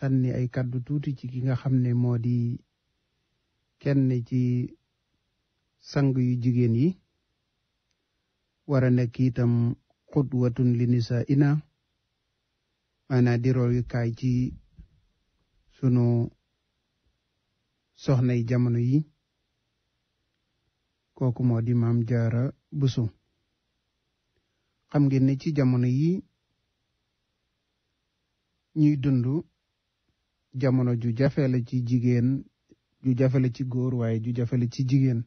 sànni ay kaddu tuuti ci ki nga xam ne moo di kenn ci sang yu jigéen yi war a nekk itam xudwatun li nisa ina maanaa di royukaay ci sunu soxnay jamono yi kooku moo di maam jaara busu xam ngeen ne ci jamono yi ñuy dund jamono ju jafe la ci jigéen ju jafe ci góor waaye ju jafe ci jigéen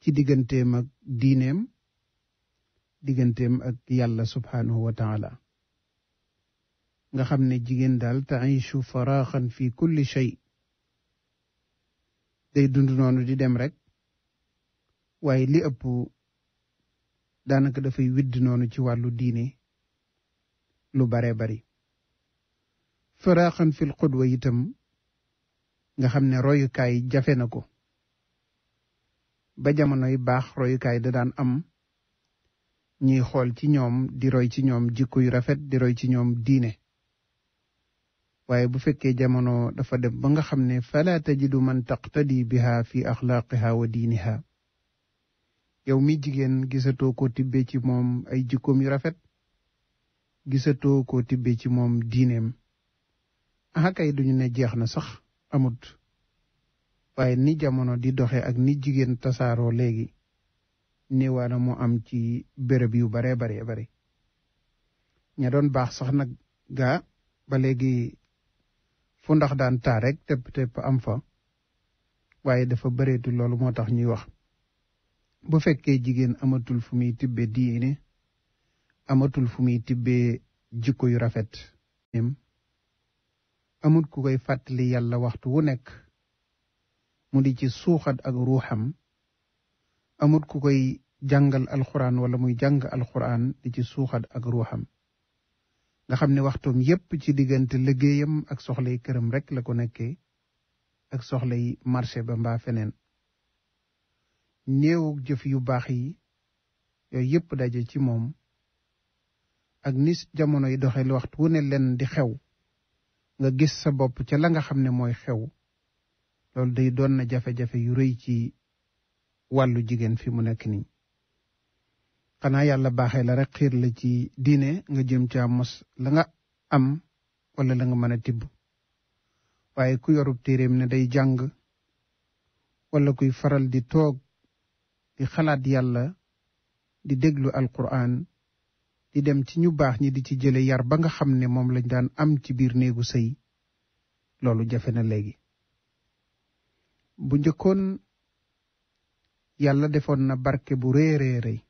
ci digganteem ak diineem digganteem ak yàlla subhaanahu wa taala nga xam ne jigéen daal taishu faraxan fi kulli shay day dund noonu di dem rek waaye li ëpp daanaka dafay widd noonu ci wàllu diine lu baree bari firaaxan fil xudwa itam nga xam ne royukaay jafe na ko ba jamonoy baax royukaay da daan am ñuy xool ci ñoom di roy ci ñoom jikko yu rafet di roy ci ñoom diine waaye bu fekkee jamono dafa dem ba nga xam ne ji du man taqtadi biha fi axlaaqiha wa diiniha yow mi jigéen gisatoo ko tibbe ci moom ay jikkoom yu rafet gisatoo ko tibbe ci moom diineem ah kay duñu ne jeex na sax amut waaye ni jamono di doxe ak ni jigéen tasaaroo léegi néewaana mu am ci bërëb yu baree baree bari ña doon baax sax nag gaa ba léegi fu ndax daan taa rek tepp tepp am fa waaye dafa bëreetu loolu moo tax ñuy wax bu fekkee jigéen amatul fu muy tibbe diine amatul fu muy tibbe jikko yu rafet amul ku koy fàttali yàlla waxtu wu nekk mu di ci suuxat ak ruuxam amut ku koy jàngal alxuraan wala muy jàng alxuraan di ci suuxat ak ruuxam nga xam ne waxtoom yépp ci diggante liggéeyam ak soxlay këram rek la ko nekkee ak soxlay marché ba mbaa feneen néewug jëf yu baax yi yooyu yépp daje ci moom ak nis jamono yi doxel waxtu wu ne len di xew nga gis sa bopp ca la nga xam ne mooy xew loolu day doon na jafe-jafe yu rëy ci wàllu jigéen fi mu nekk nii xanaa yàlla baaxe la rek xiir la ci diine nga jëm caa mos la nga am walla la nga mën a tibb waaye ku yorub téeréem ne day jàng wala kuy faral di toog di xalaat yàlla di déglu alquran di dem ci ñu baax ñi di ci jëlé yar ba nga xamné ne lañ daan am ci biir néegu sey lolu jafé na légui bu ñëkkon yalla defoon na barké bu ré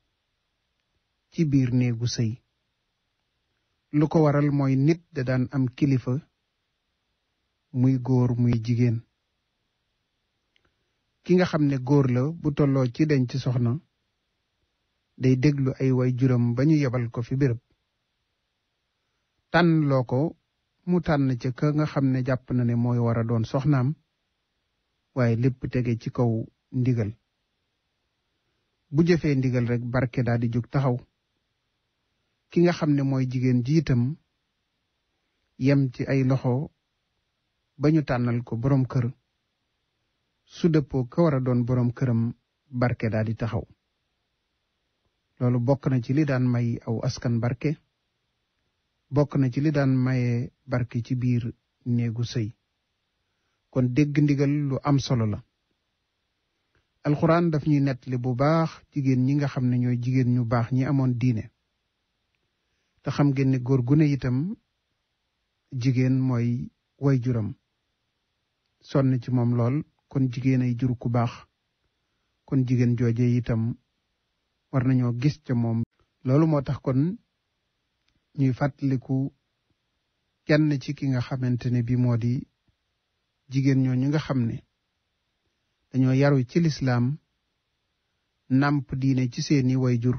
ci biir néegu sey lu ko waral moy nit da daan am kilifa muy goor muy jigen ki nga xamné ne la bu tollo ci denc soxna day déglu ay way juram ba ñu yebal ko fi béréb tànn ko mu tànn ca ka nga xam ne jàpp na ne mooy war a doon soxnaam waaye lépp tege ci kaw ndigal bu jëfee ndigal rek barke daal di jóg taxaw ki nga xam ne mooy jigéen ji itam yem ci ay loxo ba ñu tànnal ko boroom kër su dëppoo ka war a doon boroom këram barke daal di taxaw loolu bokk na ci li daan may aw askan barke bokk na ci li daan maye barke ci biir néegu sëy kon dégg ndigal lu am solo la alxuraan daf ñuy nettali bu baax jigéen ñi nga xam ne ñooy jigéen ñu baax ñi amoon diine te xam ngeen ne góor gune itam jigéen mooy way juram sonn ci moom lool kon jigéen ay jur ku baax kon jigéen jooje itam war nañoo gis ca moom loolu moo tax kon ñuy fàttaliku kenn ci ki nga xamante ne bi moo di jigéen ñoo ñooñu nga xam ne dañoo yaru ci lislaam nàmp diine ci seeni way jur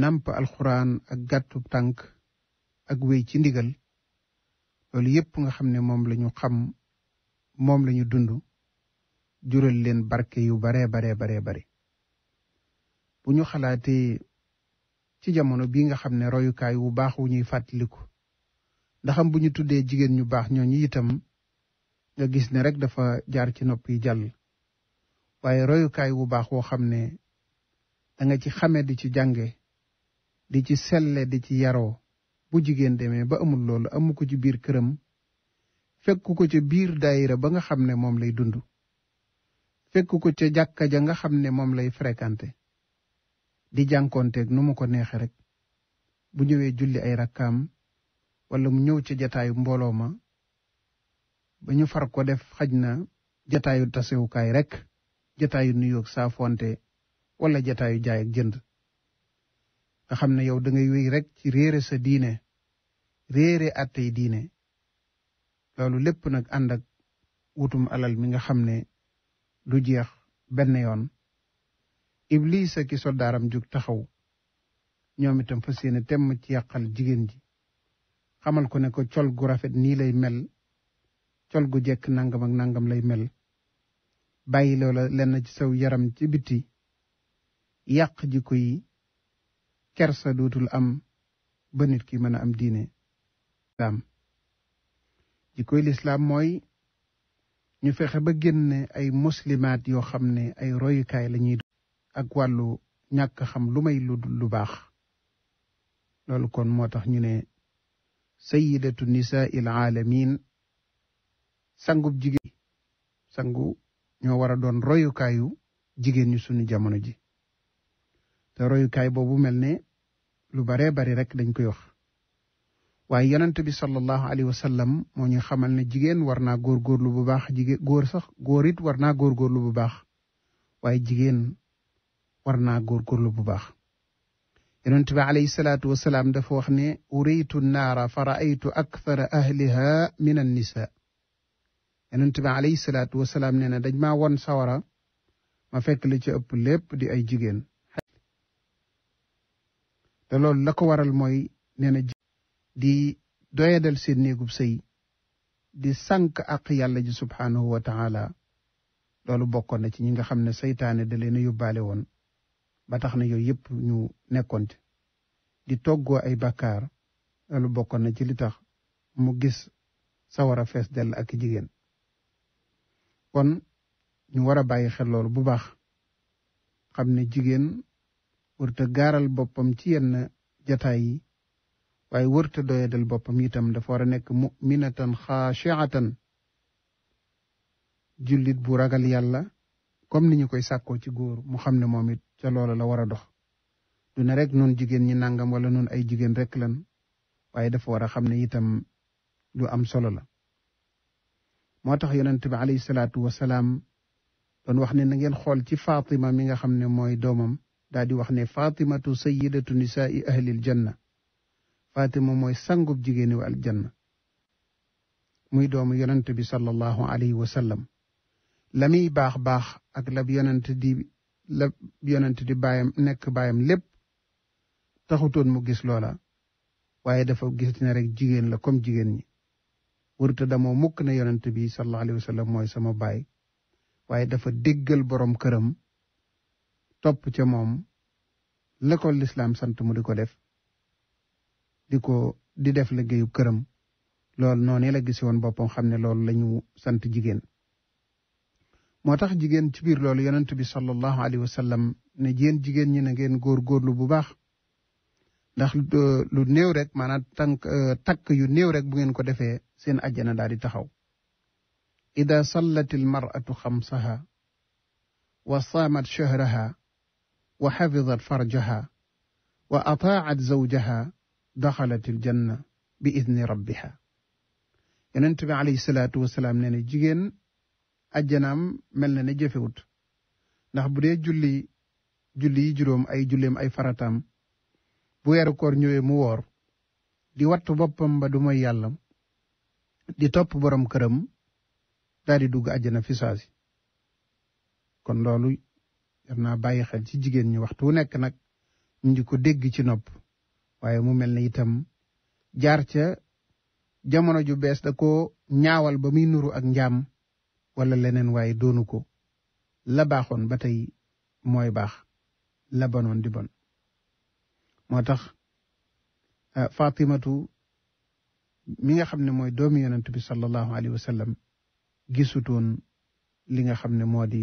nàmp alxuraan ak gàttu tànk ak wéy ci ndigal loolu yépp nga xam ne moom lañu xam moom lañu dund jural leen barke yu baree baree baree bare bu ñu xalaatee ci jamono bii nga xam ne royukaay wu baax wu ñuy fàttaliku ndaxam bu ñu tuddee jigéen ñu baax ñooñu itam nga gis ne rek dafa jaar ci nopp yi jàll waaye royukaay wu baax woo xam ne danga ci xame di ci jànge di ci selle di ci yaroo bu jigéen demee ba amul loolu amu ko ci biir këram fekku ko ca biir daayira ba nga xam ne moom lay dund fekku ko ca jàkka ja nga xam ne moom lay frekante di jànkoonteeg nu mu ko neexe rek bu ñëwee julli ay rakkam wala mu ñëw ci jataayu mbooloo ma ba ñu far ko def xaj na jataayu tasewukaay rek jataayu nuyoog saafonte walla jataayu jaay ak jënd nga xam ne yow dangay ngay wéy rek ci réere sa diine réere attey diine loolu lépp nag ànd ak wutum alal mi nga xam ne du jeex benn yoon Iblisa ki soldaaram jug taxaw ñoom itam fas yéene temm ci yàqal jigéen ji xamal ko ne ko col gu rafet nii lay mel col gu jekk nangam ak nangam lay mel bàyyi loola lenn ci saw yaram ci biti yàq jikko yi kersa dootul am ba nit ki mën a am diine lislaam koy lislaam mooy ñu fexe ba génne ay muslimaat yoo xam ne ay royukaay lañuy ak wàllu ñàkk xam lu may lu lu baax loolu kon moo tax ñu ne sayidatu nisaa'il aalamin sangub jigéen sangu ñoo war a doon royukaayu jigéen ñu sunu jamono ji te royukaay boobu mel ne lu baree bari rek dañ koy wax waaye yonent bi sallallahu alayhi wa sallam moo ñu xamal ne jigéen war naa góorgóorlu bu baax jigéen góor sax góor it war naa góorgóorlu bu baax waaye jigéen warna gor gor lu bu baax yonent bi alayhi salatu wassalam dafa wax ne uriitu naara fa raaytu akthara ahliha min an nisa yonent bi alayhi salatu wassalam ne na dajma won sawara ma fekk li ci upp lépp di ay jigen da lol la ko waral moy nee na di doyedal sen néegub sëy di sank ak yàlla ji subhanahu wa taala lolou bokkoon na ci ñi nga xam ne da leena yobale won ba tax na yooyu yëpp ñu nekkoonte di toggoo ay bàkkaar loolu bokkoon na ci li tax mu gis sawara fees dell ak jigéen kon ñu war a bàyyi xel loolu bu baax xam ne jigéen wërta gaaral boppam ci yenn jataay yi waaye wërta doyadal boppam itam dafa war a nekk muminatan xaashiatan jullit bu ragal yàlla comme ni ñu koy sàkkoo ci góor mu xam ne moom it ca loola la war a dox du ne rek nun jigéen ñi nangam wala nun ay jigéen rek lan waaye dafa war a xam ne itam lu am solo la moo tax yonent bi alayhi salaatu wasalaam doon wax ne na ngeen xool ci Fatima mi nga xam ne mooy doomam daal di wax ne Fatimatu sayidatu nisaai ahli aljanna Fatima mooy sangub jigéeni wa aljanna muy doomu yonent bi sallallahu alayhi wasallam la muy baax baax ak lab yonent di lab yonent di baayam nekk baayam lépp taxutoon mu gis loola waaye dafa gis ne rek jigéen la comme jigéen ñi wërta damoo mukk na yonent bi sallallahu alayhi wa mooy sama baay waaye dafa déggal boroom këram topp ca moom la ko lislaam sant mu di ko def di ko di def liggéeyu këram loolu noonu la gis woon boppam xam ne loolu lañu sant jigéen motax jigen ci bir lolou yonent bi sallallahu alayhi wasallam sallam ne jigen jigéen ñi na ngeen lu bu baax ndax lu néew rek maanaam tànk tak yu néew rek bu ngeen ko defee seen aljana daal di taxaw ida sallat mar'atu khamsaha wa samat shahraha wa hafizat farjaha wa ata'at zawjaha daxalat aljanna bi idni rabbiha yonent bi alayhi salaatu wasalaam nee na ajjanaam mel na ne jëfewut ndax bu dee julli julli yi juróom ay julleem ay faratam bu weeru koor ñëwee mu woor di wattu boppam ba du mooy yàlla di topp boroom këram daal di dugg ajjana fi kon loolu yor naa bàyyi xel ci jigéen ñi waxtu nekk nag ñu di ko dégg ci nopp waaye mu mel na itam jaar ca jamono ju bees da ko ñaawal ba muy nuru ak njaam wala leneen waaye doonu ko la baaxoon ba tey mooy baax la bonoon di bon moo tax fatimatu mi nga xam ne mooy doomi yonent bi sallallahu alayhi wa sallam gisutoon li nga xam ne moo di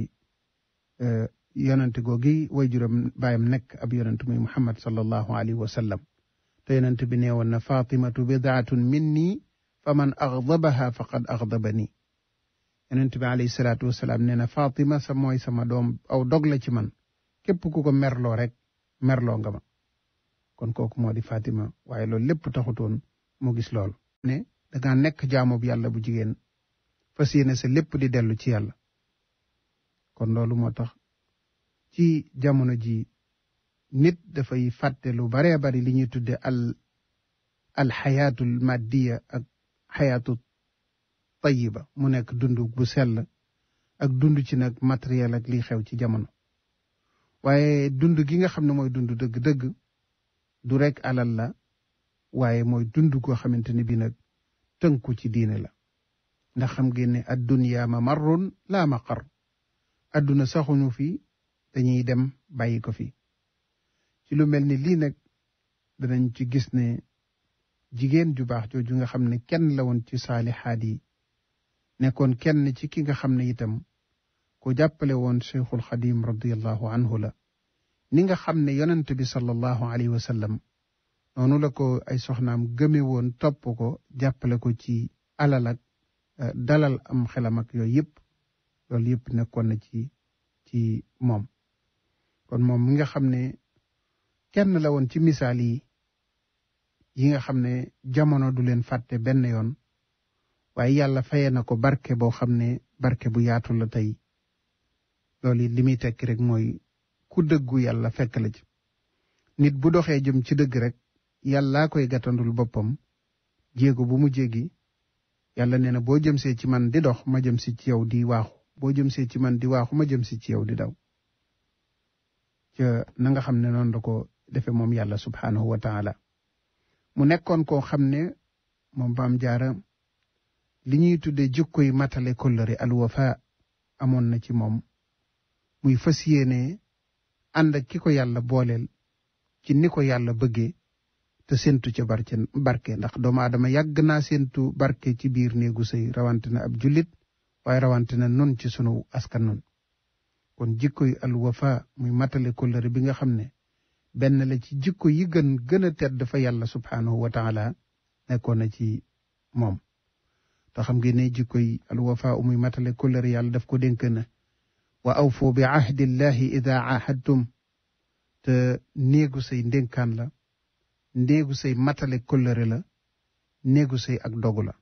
yonent googi way juróom baayam nekk ab yonent muy muhammad sallallahu alayhi wa sallam te yonent bi nee na fatimatu bidaatun minni fa man axdabaha faqad axdabani yonent bi alayhi salatu wassalam neena Fatima sa mooy sama doom aw dog ci man képp ku ko merloo rek merloo nga ma kon kooku moo di Fatima waaye loolu lépp taxutoon mu gis lool ne da danga nekk jaamu bu yàlla bu jigéen fas yéene sa lépp di dellu ci yàlla kon loolu moo tax ci jamono ji nit dafay fàtte lu baree bari li ñuy tudde al al alxayaatul maddiya ak xayaatul tayiba mu nekk dund bu sell ak dund ci nag matériel ak liy xew ci jamono waaye dund gi nga xam ne mooy dund dëgg-dëgg du rekk alal la waaye mooy dund goo xamante ni bi nag tënku ci diine la ndax xam ngeen ne adduniya ma marrun laa ma adduna saxuñu fi dañuy dem bàyyi ko fi ci lu mel ni lii nag danañ ci gis ne jigéen ju baax jooju nga xam ne kenn la woon ci saalihaat yi nekkoon kenn ci ki nga xam ne itam ku jàppale woon cheikhul xadim radiallahu anhu la ni nga xam ne yonent bi sallallahu alayhi wa noonu la ko ay soxnaam gëme woon topp ko jàppale ko ci alal ak eh, dalal am xelam ak yooyu yëpp loolu yëpp nekkoon na ci ci moom kon moom mu nga xam ne kenn la woon ci misaal yi yi nga xam ne jamono du leen fàtte benn yoon waaye yàlla faye na ko barke boo xam ne barke bu yaatu la tey loolu it li muy tekki rek mooy ku dëggu yàlla fekk la ci nit bu doxee jëm ci dëgg rek yàllaa koy gàttandul boppam jéego bu mu jéggi yàlla nee na boo jëmsee ci man di dox ma jëm si ci yow di waaxu boo jëmsee ci man di waaxu ma jëm si ci yow di daw ca na nga xam ne noonu la ko defe moom yàlla subhaanahu wa taala mu nekkoon koo xam ne moom baam jaara li ñuy tudde jikkoy matale kóllëre alwafa amoon na ci moom muy fas yéene ànd ak ki ko yàlla booleel ci ni ko yàlla bëggee te séntu ca barke barke ndax doomu aadama yàgg naa séntu barke ci biir néegu sëy rawante na ab jullit waaye rawante na nun ci sunu askan nun kon jikko yu alwafa muy matale kollëre bi nga xam ne benn la ci jikko yi gën gën a tedd fa yàlla subhanahu wa taala nekkoon na ci moom te xam ngeen ne jikko yi alwafa umuy matale kóllëre yàlla daf ko dénk na wa awfu bi ahdillahi ida ahadtum te néegu say ndénkaan la ndéegu say matale kóllëre la néegu say ak dogu la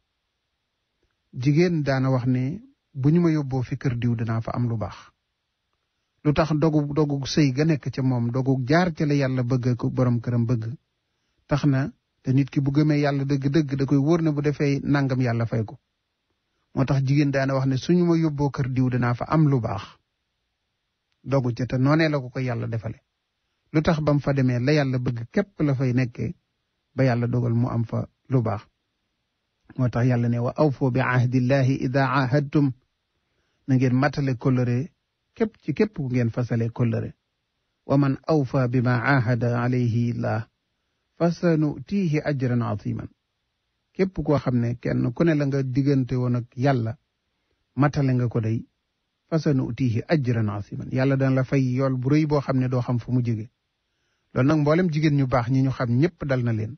jigéen daana wax ne bu ñu ma yóbboo fi kër diw dinaa fa am lu baax lu tax dogu dogu sëy ga nekk ca moom dogu jaar ca la yàlla bëgg ko borom këram bëgg tax na te nit ki bu gëmee yàlla dëgg-dëgg da koy wóor ne bu defee nangam yàlla fay ko motax jigen daana wax ne suñu ma yóbboo kër diw dana fa am lu baax dogu ci ta noné la ko ko yàlla defale lutax bam fa démé la yàlla bëgg képp la fay nekké ba yàlla dogal mu am fa lu baax motax yàlla ne wa awfu bi ahdi ahdillahi idha ahadtum na ngeen matale kóllëre képp ci képp ku ngeen fasale kóllëre wa man awfa bima ahada alayhi llah fa sa ajran aziman képp koo xam ne kenn ku ne la nga diggante woon ak yàlla matale nga ko day fasanu utihi ajran asiman yàlla dana la fay yool bu rëy boo xam ne doo xam fu mu jóge loolu nag mboolem jigéen ñu baax ñi ñu xam ñëpp dal na leen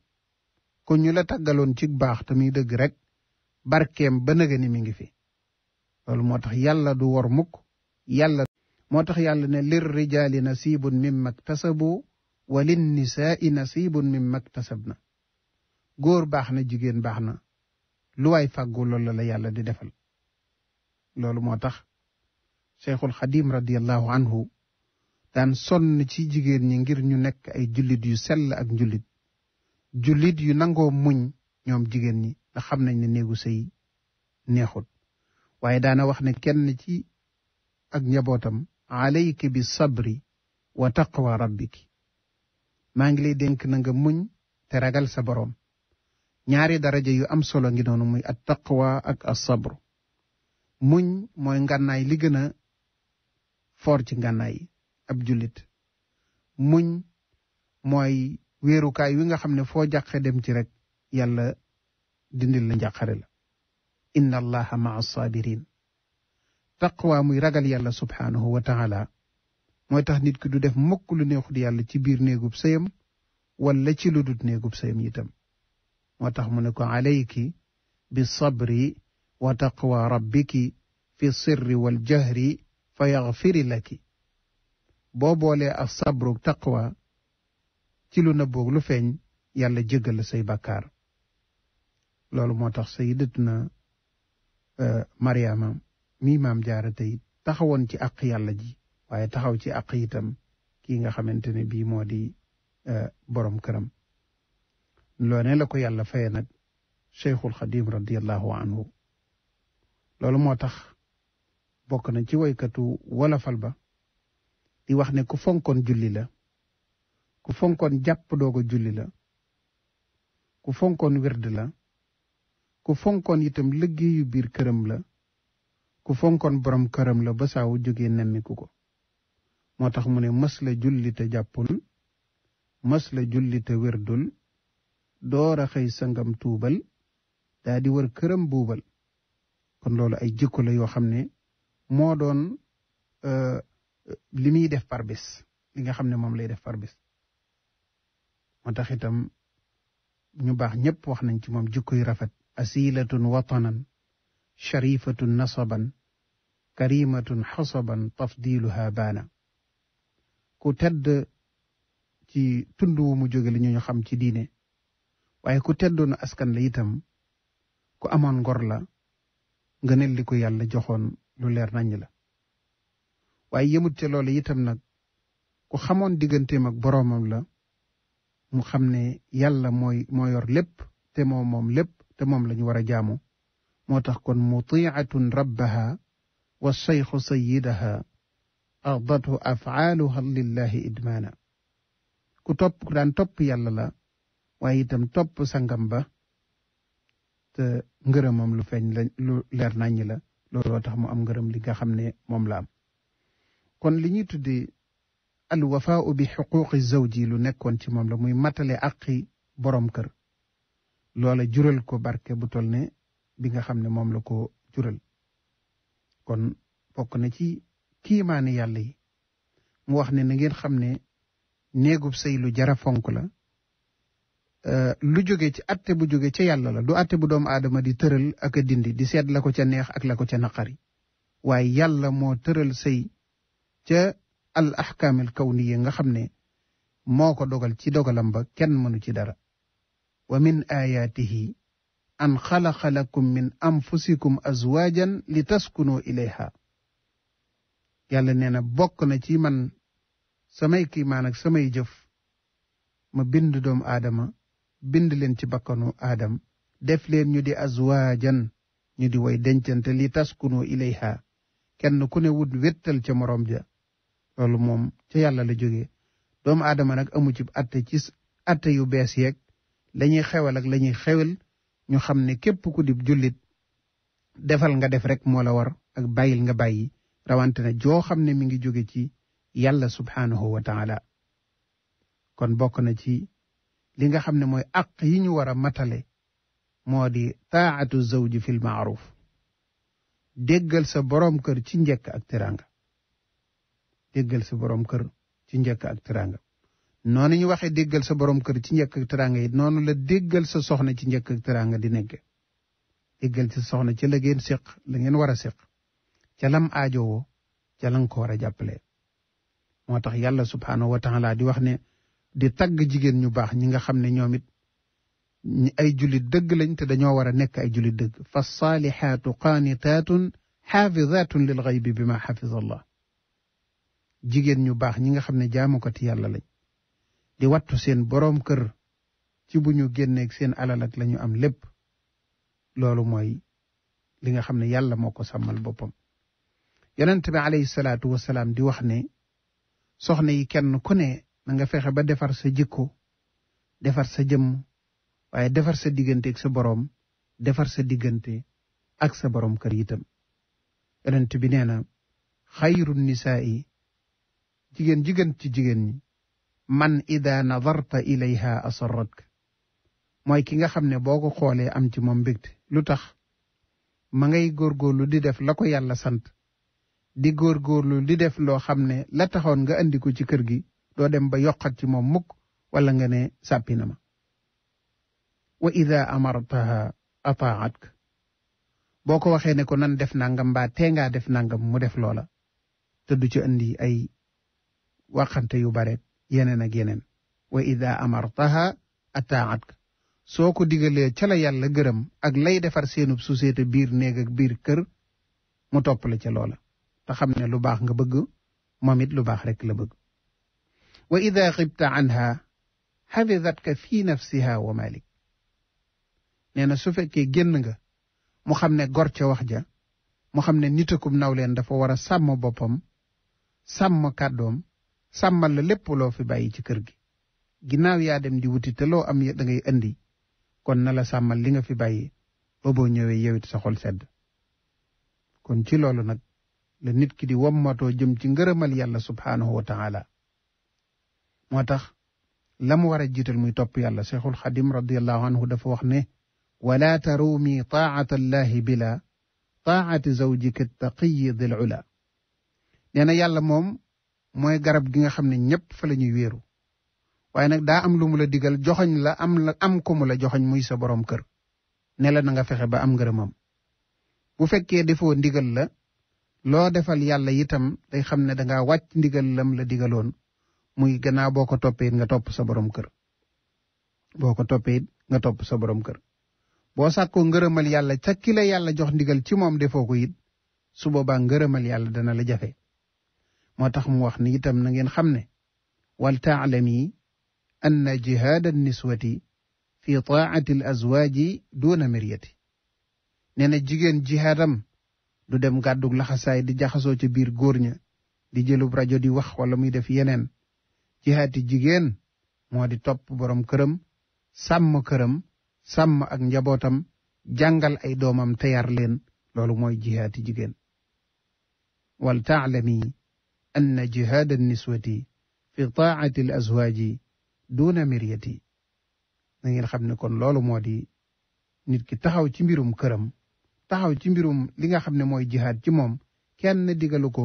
kon ñu la taggaloon ci baax te dëgg rek barkeem ba nëga ni mi ngi fi loolu moo tax yàlla du wor mukk yàlla moo tax yàlla ne lir rijaali nasibun mimma ktasabu wa lin nisaai nasibun mimma na góor baax na jigéen baax na luwaay waay fàggu loolu la yàlla di defal loolu moo tax cheikhul xadim radiallahu anhu daan sonn ci jigéen ñi ngir ñu nekk ay jullit yu sell ak njullit jullit yu nangoo muñ ñoom jigéen ñi nga xam nañ ne néegu sëy neexut waaye daana wax ne kenn ci ak njabootam alayki bi sabri wa taqwa ki maa ngi lay dénk na nga muñ te ragal sa boroom ñaari daraja yu am solo ngi noonu muy at taqwa ak as sabr muñ mooy ngànnaay li gën a foor ci ngànnaay yi ab jullit muñ mooy wéerukaay wi nga xam ne foo jàqe dem ci rekk yàlla dindil la njàqare la inna allaha maa sabirin taqwa muy ragal yàlla subhaanahu wa taala mooy tax nit ki du def mukk lu neexut yàlla ci biir néegub sëyam wala ci lu dut néegub sëyam itam moo tax mu ne ko alayki bi sabri wa taqwa rabbiki fi sirri wal jahri fa yaxfiri laki boo boolee ak sabru taqwa ci lu nëbboog lu feeñ yàlla jéggal say bàkkaar loolu moo tax sayidatuna mariama mii maam jaara tey taxawoon ci àq yàlla ji waaye taxaw ci àq itam kii nga xamante ne bii moo di borom këram loone la ko yàlla faye nag cheikhul xadim loolu moo tax bokk na ci woykatu wolofal ba di wax ne ku fonkoon julli la ku fonkoon jàpp doog a julli la ku fonkoon werd la ku fonkoon itam liggéeyu biir këram la ku fonkoon boroom këram la ba saawu jóge nemmiku ko moo tax mu ne mës la julli te jàppul mës la julli te wérdul door a xëy sangam tuubal daa di wër këram buubal kon loolu ay jikko la yoo xam ne moo doon euh, li muy def par bis nga xam ne moom lay def par bis moo tax itam ñu baax ñëpp wax nañ ci moom jikko yu rafet asilatun watanan sharifatun nasaban karimatun xosoban tafdiluha baana ku tedd ci tund wu mu jóge ñu xam ci diine waaye ku teddoonu askan la itam ku amoon ngor la ngëneel li yàlla joxoon lu leer naññ la waaye yëmut ca loolu itam nag ku xamoon digganteem ak boroomam la mu xam ne yàlla mooy moo yor lépp te moom lépp te moom lañu war a jaamu moo tax kon mutiatun rabbaha wa sayxu sayidaha ardatu afaaluha lillahi idmaana ku topp ku daan topp yàlla la waaye itam topp sangam ba te ngërëmam lu feeñ la lu leer naññ la looloo tax mu am ngërëm li nga xam ne moom la am kon li ñuy tuddee al wafaau bi xuquqi zawji lu nekkoon ci moom la muy matale aqi borom kër loola jural ko barke bu tol ne bi nga xam ne moom la ko jural kon bokk na ci kiimaani yàlla yi mu wax ne na ngeen xam ne néegub sëy lu jara fonk la Euh, lu jóge ci atte bu jóge ca yàlla la du atte bu doomu aadama di tëral ak a dindi di seet la ko ca neex ak la ko ca naqari waaye yàlla moo tëral sëy ca al ahkaamil kawniya nga xam ne moo ko dogal ci dogalam ba kenn mënu ci dara wa min ayaatihi an xalaqa lakum min anfusikum azwaajan li taskunu ilayha yàlla nee na bokk na ci man samay kiimaan samay jëf ma bind doomu aadama bind leen ci bakkanu aadam def leen ñu di azwaajan ñu di woy dencante li taskunu ilayha kenn ku ne wut wéttal ca moroom ja loolu moom ca yàlla la jóge doomu aadama nag amu ci atte atte yu bees yeeg lañuy xewal ak lañuy xewel ñu xam ne képp ku di jullit defal nga def rek moo la war ak bàyyil nga bàyyi rawante na joo xam ne mi ngi jóge ci yàlla subhaanahu wa taala kon bokk na ci li nga xam ne mooy àq yi ñu war a matale moo di taatu zawji fil maaruf déggal sa boroom kër ci njëkk ak teraanga déggal sa boroom kër ci njëkk ak teraanga noonu ñu waxee déggal sa boroom kër ci njëkk ak yi noonu la déggal sa soxna ci njëkk ak teraanga di nekke déggal sa soxna ci la ngeen séq la ngeen war a séq ca lam aajowoo ca la ko war a jàppale moo tax yàlla subhaanahu wa di wax ne di tagg jigen ñu bax ñi nga xamne ñomit ay jullit deug lañ te dañoo wara nek ay jullit deug fa salihatu qanitatun hafizatun lil xaybi bima ma xafida allah jigéen ñu bax ñi nga xam ne ti yàlla lañ di wattu seen borom kër ci buñu genné ak seen alal ak lañu am lépp lolu moy li nga xamne yàlla moko samal sàmmal boppam yonent bi alayhi salatu wassalam di wax ne soxna yi kenn ku ne na nga fexe ba defar sa jikko defar sa jëmm waaye defar sa diggante ak sa boroom defar sa diggante ak sa boroom kër itam yonent bi nee na xayru nisaa'i jigéen jigéen ci jigéen ñi man ida nadarta ilayha asarratka mooy ki nga xam ne boo ko xoolee am ci moom mbégte lu tax ma ngay góor góorlu di def la ko yàlla sant di góor góorlu di def loo xam ne la taxoon nga andi ko ci kër gi doo dem ba yokkat ci moom mukk walla nga ne sàppi na ma wa ida amartaha ataatka boo ko waxee ne ko nan def nangam mbaa tee ngaa def nangam mu def loola te du ci andi ay waxante yu bare yeneen ak yeneen wa ida amartaha ataatka soo ko digalee ca la yàlla gërëm ak lay defar seenub société biir néeg ak biir kër mu topp la ca loola te xam ne lu baax nga bëgg moom it lu baax rekk la bëgg wa ida xibta anha xafidatka fi nafsiha wa malik nee na su fekkee génn nga mu xam ne gor ca wax ja mu xam ne nitakum naw leen dafa war a sàmm boppam sàmm kàddoom sàmmal la lépp loo fi bàyyi ci kër gi ginnaaw yaa dem di wuti te loo am da ngay indi kon na la sàmmal li nga fi bàyyi ba boo ñëwee yewit sa xol sedd kon ci loolu nag la nit ki di wommatoo jëm ci ngërëmal yàlla subhaanahu wa moo tax la mu war a jiital muy topp yàlla cheikhul xadim radiallahu anhu dafa wax ne wala taruumi taat allahi bila taati zawjika taqiyi dil ula nee na yàlla moom mooy garab gi nga xam ne ñépp fa la ñuy wéeru waaye nag daa am lu mu la digal joxoñ la am la am ko mu la joxoñ muy sa borom kër ne la na nga fexe ba am ngërëmam bu fekkee defoo ndigal la loo defal yàlla yitam day xam ne danga wàcc ndigal lam la digaloon muy gëna boko topé nga top sa borom kër boko ko nga top sa borom kër defo sakko ngeureumal yalla ca ki la yalla jox ndigal ci mom ko su boba ngeureumal yalla dana la jafé motax mu wax ni itam na ngeen xamné wal ta'lami anna an niswati fi ta'ati al azwaji duna miryati nee jigen jihadam du dem gàddug di jaxaso ci bir gorña di jëlub radio di wax wala muy def yenen jihaati jigéen moo di topp borom këram sàmm këram sàmm ak njabootam jàngal ay doomam te yar leen loolu mooy jihaati jigéen wal taalami anna jihaada niswati fi taati al azwaaji duuna miryati na ngeen xam ne kon loolu moo di nit ki taxaw ci mbirum këram taxaw ci mbirum li nga xam ne mooy jihaad ci moom kenn digalu ko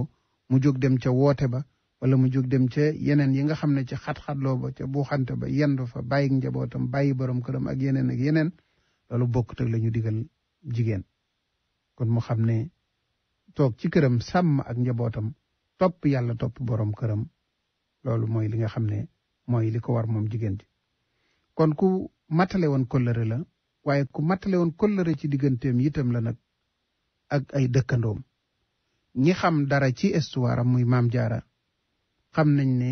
mu jóg dem ca woote ba wala mu jóg dem ca yeneen yi nga xam ne ca xat-xatloo ba ca buuxante ba yendu fa bàyyi njabootam bàyyi boroom këram ak yeneen ak yeneen loolu bokkut lañu la digal jigéen kon mu xam ne toog ci këram sàmm ak njabootam topp yàlla topp boroom këram loolu mooy li nga xam ne mooy li ko war moom jigéen ji kon ku matale woon kóllëre la waaye ku matale woon kóllëre ci digganteem yitam la nag ak ay dëkkandoom ñi xam dara ci histoire am muy maam jaara xam nañ ne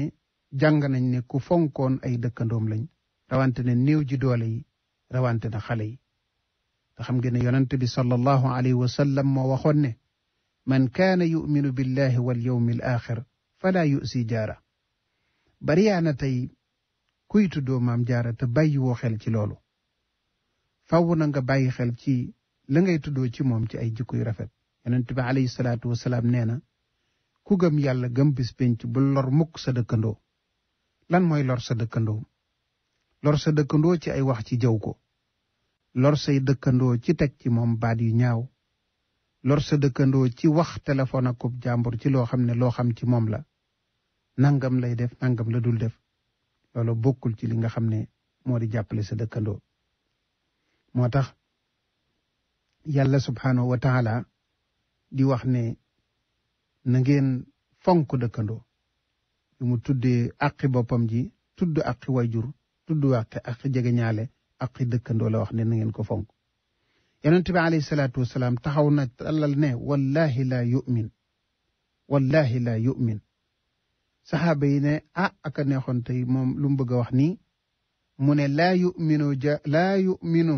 jàng nañ ne ku fonkoon ay dëkkandoom lañ rawante ne néew ji doole yi rawante na xale yi te xam ngeen ne yonent bi sallallahu alayhi wa sallam moo waxoon ne man kaana yuminu billahi wal yawmi al axir fala yusi jaara bariyaa na tey kuy tuddoo maam jaara te bàyyi bàyyiwoo xel ci loolu faw na nga bàyyi xel ci la ngay tuddoo ci moom ci ay jikko yu rafet yonent bi alayhi salaatu wasalaam nee na ku gëm yàlla gëm bis pénc bu lor mukk sa dëkkandoo lan mooy lor sa dëkkandoo lor sa dëkkandoo ci ay wax ci jëw ko lor say dëkkandoo ci teg ci moom baat yu ñaaw lor sa dëkkandoo ci wax téléphone ak kub jàmbur ci loo xam ne loo xam ci moom la nangam lay def nangam la dul def loolu bokkul ci li nga xam ne moo di jàppale sa dëkkandoo moo tax yàlla subhaanahu wa di wax ne na ngeen fonk dëkkandoo lu mu tuddee aqi boppam ji tudd aqi wayjur tudd wàqi aqi jegeñaale aqi dëkkandoo la wax ne na ngeen ko fonk yonent bi alayhi salaatu wasalaam taxaw na tàllal ne wallahi laa yu'min wallahi laa yu'min saxaaba yi ne ah aka neexoon tey moom lu mu bëgg a wax nii mu ne laa yuminu ja laa yuminu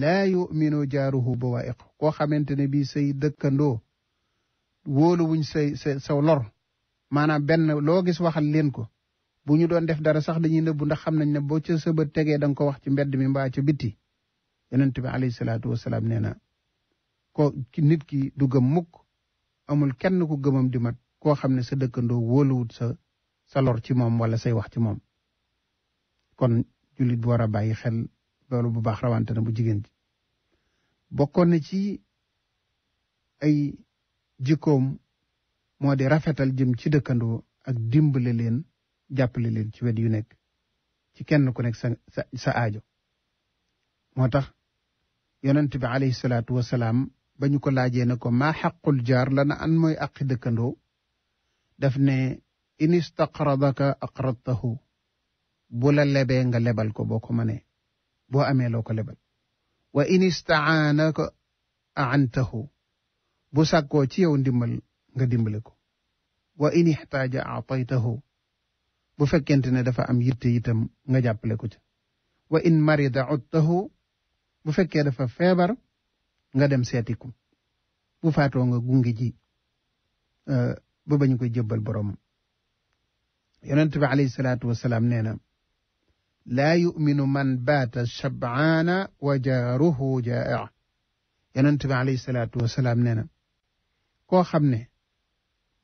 laa yuminu jaaruhu bawaa'iq koo xamante ne bii say dëkkandoo wóoluwuñ say sa saw lor maanaam benn loo gis waxal leen ko bu ñu doon def dara sax dañuy nëbbu ndax xam nañ ne boo ca sëba tegee da ko wax ci mbedd mi mbaa ca bitti yonent bi alayhi salaatu wasalaam nee na ko nit ki du gëm mukk amul kenn ku gëmam di mat koo xam ne sa dëkkandoo wóoluwut sa sa lor ci moom wala say wax ci moom kon jullit bu war a bàyyi xel loolu bu baax rawante na bu jigéen ji bokkoon ci ay jikkoom moo di rafetal jëm ci dëkkandoo ak dimbale leen jàppale leen ci wet yu nekk ci kenn ku nekk sa sa aajo moo tax yonent bi alayhi salaatu wasalaam ba ñu ko laajee ne ko maa xaqul jaar na an mooy aqi dëkkandoo daf ne in istaqradaka aqradtahu bu la lebee nga lebal ko boo ko mënee boo amee loo ko lebal wa in istaanaka aantahu bu sàkkoo ci yow ndimbal nga dimbale ko wa in ixtaaja aataytahu bu fekkente ne dafa am yitte itam nga jàppale ko ca wa in marida uttahu bu fekkee dafa feebar nga dem seetiku bu faatoo nga gunge ji ba bañ ko jëbbal borom yonent bi alayhi salaatu wasalaam nee na laa yuminu man baata shabaana wa jaaruhu jaa yonent bi alayhi salaatu wasalaam nee na koo xam ne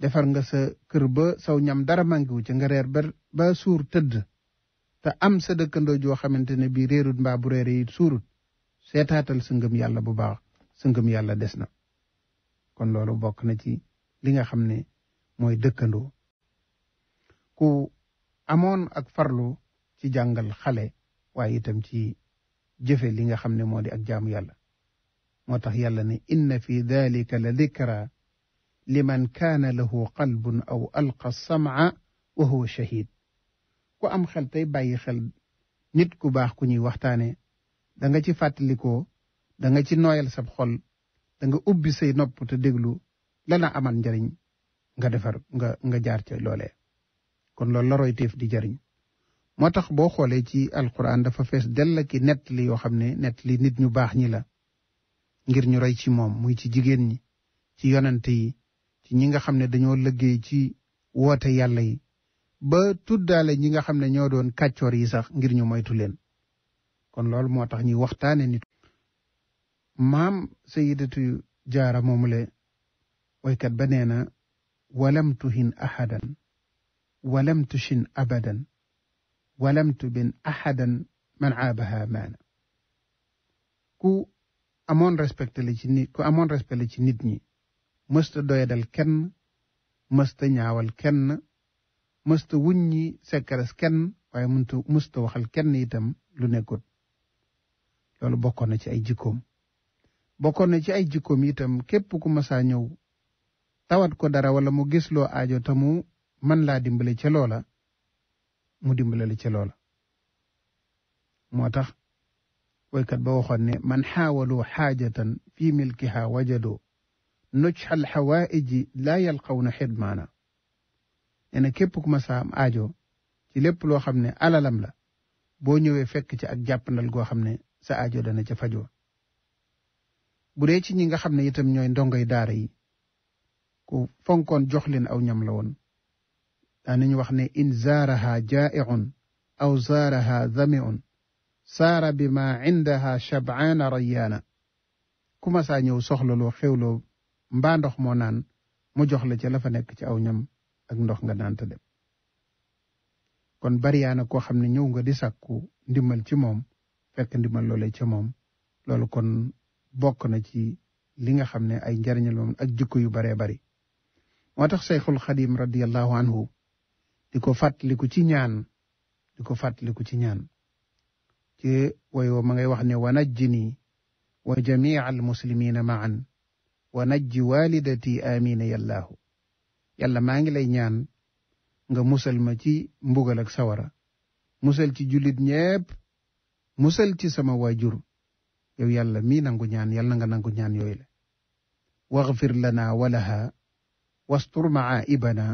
defar nga sa kër ba saw ñam dara màngiwu ci nga reer ba suur tëdd te am sa dëkkandoo joo xamante ne bii réerut mbaa bu reere it suurut seetaatal sa ngëm yàlla bu baax sa ngëm yàlla des na kon loolu bokk na ci li nga xam ne mooy dëkkandoo ku amoon ak farlu ci jàngal xale waaye itam ci jëfe li nga xam ne moo di ak jaamu yàlla moo tax yàlla ne inna fi dalika la dikra liman kaana lahu qalbun aw alqa samaa wa huwa shahid ku am xel tey bàyyi xel nit ku baax ku ñuy waxtaane danga ci fàttalikoo danga ci nooyal sab xol danga ubbi say nopp te déglu lana amal njariñ nga defar nga jaar ca loole kon loolu la roy di jariñ moo tax boo xoolee ci alquran dafa fees dell ki li yoo xam ne nettali nit ñu baax ñi la ngir ñu rey ci moom muy ci jigéen ñi ci yonante yi ci ñi nga xam ne dañoo liggéey ci woote yàlla yi ba tuddaale ñi nga xam ne ñoo doon kàccoor yi sax ngir ñu moytu leen kon loolu moo tax ñuy waxtaane nit maam sayidatu jaara moomule waykat ba nee na walam tuhin ahadan walam tushin abadan walam tubin ahadan man aabaha maana ku amoon respect la ci amoon respect ci nit ñi mësta doyadal kenn mësta ñaawal kenn mësta wuññi sekkares kenn waaye mënta mësta waxal kenn itam lu nekkut loolu bokkoon na ci ay jikkoom bokkoon na ci ay jikkoom itam képp ku masaa ñëw tawat ko dara wala mu gis loo aajo te mu man laa dimbale ca loola mu dimbale la ca loola moo tax woykat ba waxoon ne man xaawalu xaajatan fii milkiha wajado نجح الحوائج laa yalqawna xidmaana nee na képp ku ma sa am aajo ci lépp loo xam ne alalam la boo ñëwee fekk ci ak jàppandal goo xam ne sa aajo dana ca fajoo bu dee ci ñi nga xam ne itam ñooy ndongoy daara yi ku fonkoon jox leen aw ñam la woon daanañu wax ne in zaaraha jaa'icun aw zaaraha dhami'un saara bi ma indaha shab'aana rayaana ku ma saa ñëw soxlaloo xewloo mbaa ndox moo naan mu jox la ca la fa nekk ci aw ñam ak ndox nga naan te dem kon bariyaana koo xam ne ñëw nga di sàkku ndimbal ci moom fekk ndimbal loolee ci moom loolu kon bokk na ci li nga xam ne ay njariñal moom ak jikko yu baree bari moo tax Seyxul Xadim radiyallahu anhu di ko fàttaliku ci ñaan di ko fàttaliku ci ñaan ci woy ma ngay wax ne wa najjini wa jamia al muslimina maan ونجي والدتي آمين يا الله يلا ما نجي لي نيان nga musal ma ci mbugal ak sawara musal ci julit ñépp musal ci sama wajur yow yàlla mi nangu ñaan yàlla nga nangu ñaan yoy la waghfir lana walaha wastur ma'a macaa'ibana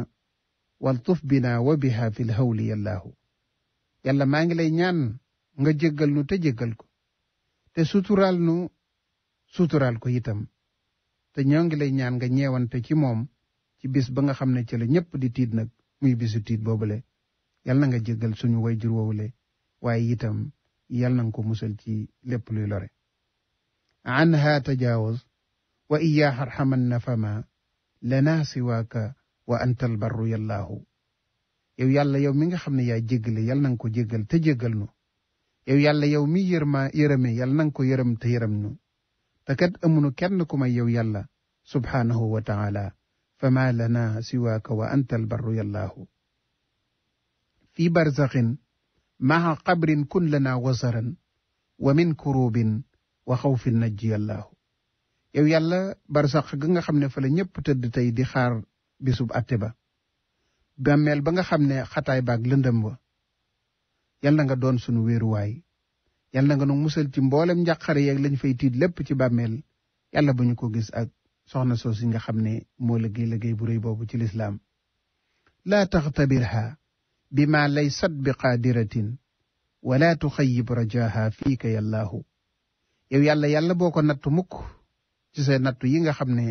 waltuf bina wa biha fi lhawli yàllaahu yàlla ma ngi lay ñaan nga jéggal nu te jéggal ko te sutural nu sutural ko itam te ñoo ngi lay ñaan nga ñeewante ci moom ci bis ba nga xam ne ci la ñépp di tiit nag muy bisu tiit boobule yal na nga jéggal suñu wayjur woowule waaye itam yal na nga ko musal ci lépp luy lore anha tajawuz wa iyaa xarxaman na fama lana siwaaka wa anta albarru yallaahu yow yàlla yow mi nga xam ne yaa jéggale yal na nga ko jéggal te jéggal nu yow yàlla yow mi yërma yërëme yal na nga ko yërëm te yërëm nu فكد أمنو كنكم أيو يلا سبحانه وتعالى فما لنا سواك وأنت البر يالله في برزخ مع قبر كلنا لنا وزرا ومن كروب وخوف نجي الله يو يلا برزخ غنغ خمنا فلا نيب تد تاي دي خار بسوب أتبا بأميال بغا خمنا خطاي باغ لندم و يلا دون سنو ويرواي yàlla na nga nu musal ci mboolem njàqare yeeg lañ fay tiit lépp ci bàmmeel yàlla bu ñu ko gis ak soxna soosu nga xam ne moo liggéey liggéey bu rëy boobu ci lislaam laa tax taxtabirha bi ma sat bi qaadiratin wala tuxayib rajaha fiika yallaahu yow yàlla yàlla boo ko nattu mukk ci say nattu yi nga xam ne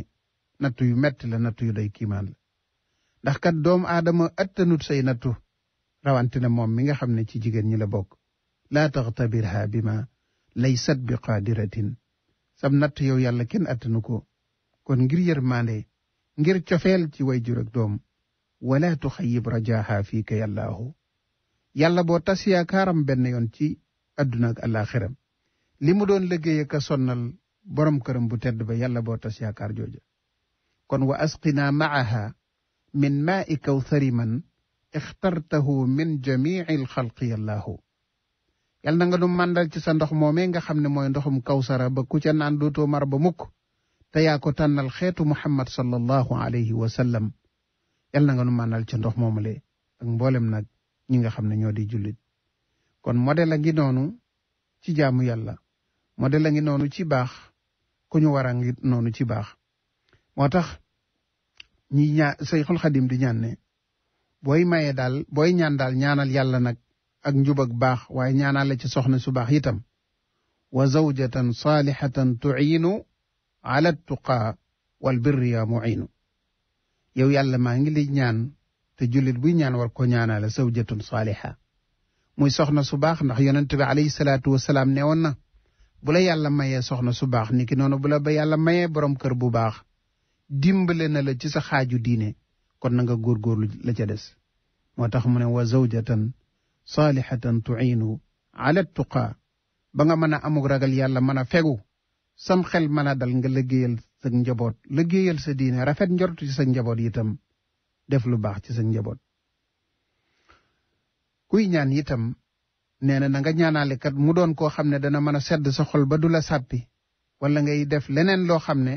nattu yu metti la nattu yu doy kiimaan la ndax kat doomu aadama attanut say nattu rawanti na moom mi nga xam ne ci jigéen ñi la bokk لا تغتبرها بما ليست بقادرة سب يو يالا كن أتنكو كن غير يرماني غير تشفيل تي ويجرك دوم ولا تخيب رجاها فيك يا الله يالا بو تسيا كارم بن يونتي أدناك الآخرة لمدون لغي يكسونال برم كرم بو يالا بو تسيا كار جوجة كون وأسقنا معها من ماء كوثر من اخترته من جميع الخلق يا الله yal na nga nu màndal ci sa ndox moomee nga xam ne mooy ndoxum kawsara ba ku ca naan dootoo mar ba mukk te yaa ko tànnal xeetu muhammad sallallahu alayhi wa sallam yal na nga nu màndal ci ndox moomale ak mboolem nag ñi nga xam ne ñoo di jullit kon modela a ngi noonu ci jaamu yàlla modela a ngi noonu ci baax ku ñu war a ngi noonu ci baax moo tax ñi ñaa sayxul xadim di ñaan ne booy maye daal booy ñaan daal ñaanal yàlla nag ak njub ak baax waaye ñaanal la ci soxna su baax itam wa zawjatan salihatan tuinu ala tuqa wal birri ya muinu yow yàlla maa ngi li ñaan te julit buy ñaan war ko ñaanale zawjatun saaliha muy soxna su baax ndax yonent bi alayhi salaatu wasalaam ne woon na bu la yàlla mayee soxna su baax niki noonu bu la ba yàlla mayee borom kër bu baax dimbale na la ci sa xaaju diine kon na nga góorgóorlu la ca des moo tax mu ne wa zawjatan saalihatan tuinu ala tuqaa ba nga mën a amug ragal yàlla mën a fegu sam xel man a dal nga liggéeyal sa njaboot liggéeyal sa diine rafet njortu ci sa njaboot tam def lu baax ci sa njaboot kuy ñaan itam nee na na nga ñaanaalekat mu doon koo xam ne dana mën a sedd sa xol ba du la sàppi walla ngay def leneen loo xam ne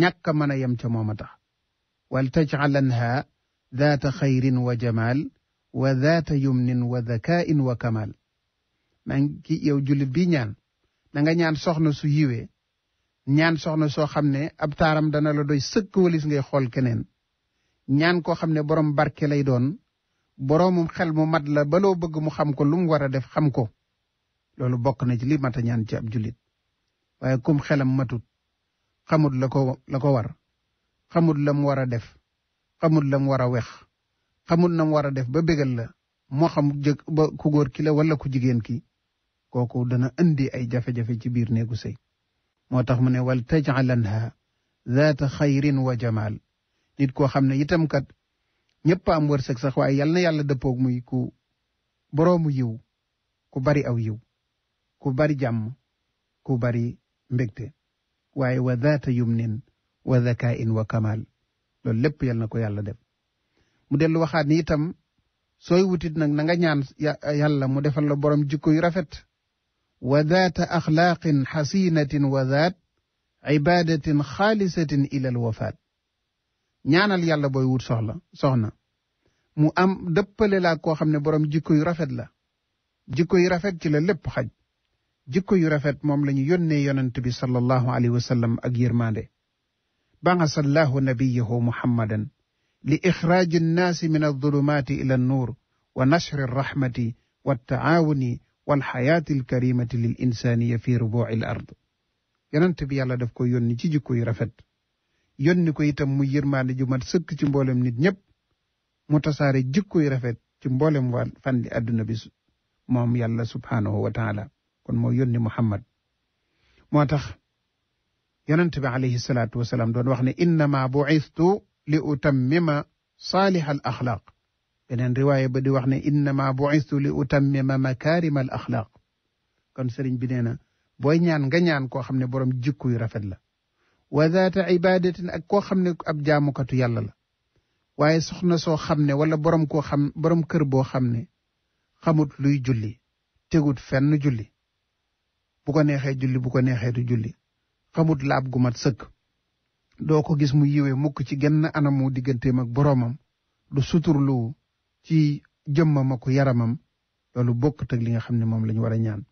ñàkk a mën a yem ca moom a tax wal tajcalanha daata xayrin wa jamaal وذات يمن وذكاء وكمال نانكي يو جولي بي نيان داغا نيان سخنا سو ييوي نيان سخنا سو خامني اب تارام دانا لا دوي سك وليس غي خول كنين نيان كو خامني بروم باركي لاي دون بروم خل مو مات لا بالو بوج مو خام كو لوم ورا ديف خام كو لولو بوك نا جي لي ماتا نيان تي اب جوليت واي كوم خلام ماتوت خامود لاكو لاكو وار خامود لام ورا ديف خامود لام ورا ويخ xamul na mu war a def ba bégal la moo xam jëkk ba ku góor ki la wala ku jigéen ki kooku dana indi ay jafe-jafe ci biir néegu sëy moo tax mu ne wal tajcalanha zaata xayrin wa jamaal nit koo xam ne itam kat ñëpp am wërsëg sax waaye yal na yàlla dëppoog muy ku boroomu yiw ku bari aw yiw ku bari jàmm ku bari mbégte waaye wa zaata yumnin wa zakain wa kamal loolu lépp yal na ko yàlla def mu dellu waxaat ni itam sooy wutit nag na nga ñaan yàlla mu defal la boroom jikko yu rafet wa daata axlaaqin xasinatin wa daat ibadatin xaalisatin ilal wafaat ñaanal yàlla booy wut soxla soxna mu am dëppale laa koo xam ne boroom jikko yu rafet la jikko yu rafet ci la lépp xaj jikko yu rafet moom la ñu yónnee yonent bi sallallahu alayhi wa sallam ak yërmande muhammadan لاخراج الناس من الظلمات الى النور ونشر الرحمه والتعاون والحياه الكريمه للانسانيه في ربوع الارض ينتبي الله داف يوني سي جيكو رافت يوني كو يتم يرمان جو سك سي مبولم متساري جيكو رافت سي مبولم فان دي ادنا بيس موم سبحانه وتعالى كون مو يوني محمد موتاخ ينتبي عليه الصلاه والسلام دون واخني انما بعثت li utam utammima saalihal axlaaq beneen riwaaya ba di wax ne innama bu'istu li utammima makaarimal axlaaq kon sëriñ bi nee na booy ñaan nga ñaan koo xam ne borom jikku yu rafet la wa zaata ibadatin ak koo xam ne ab jaamukatu yàlla la waaye soxna soo xam ne wala borom koo xam borom kër boo xam ne xamut luy julli tegut fenn julli bu ko neexee julli bu ko neexee du julli xamut laab gu mat sëkk doo ko gis mu yiwee mukk ci genn anamu digganteem ak boroomam du suturlu ci jëmmam ak yaramam loolu bokk ak li nga xam ne moom la war a ñaan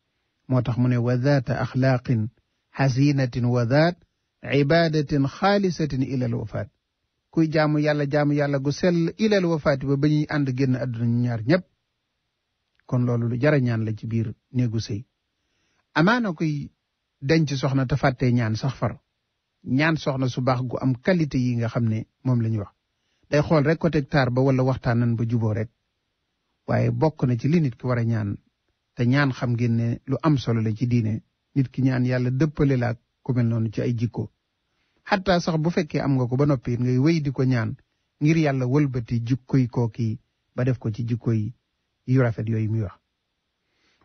moo tax mu ne wa daata axlaaqin xasinatin wa daat ibadatin xaalisatin ilal wafaat kuy jaamu yàlla jaamu yàlla gu sell ilal wafaati ba ba ñuy ànd génn àdduna ñu ñaar ñëpp kon loolu lu jara ñaan la ci biir néegu sëy amaana kuy denc soxna te fàttee ñaan sax far ñaan soxna su baax gu am qualité yi nga xam ne moom la ñu wax day xool rek côté taar ba wala waxtaanan ba juboo rek waaye bokk na ci li nit ki war a ñaan te ñaan xam ngeen ne lu am solo la ci diine nit ki ñaan yàlla dëppale la ak ku noonu ci ay jikko xataa sax bu fekkee am nga ko ba noppi ngay wéy di ko ñaan ngir yàlla wëlbati jikkoy kooki ba def ko ci jikko yi yu rafet yooyu muy wax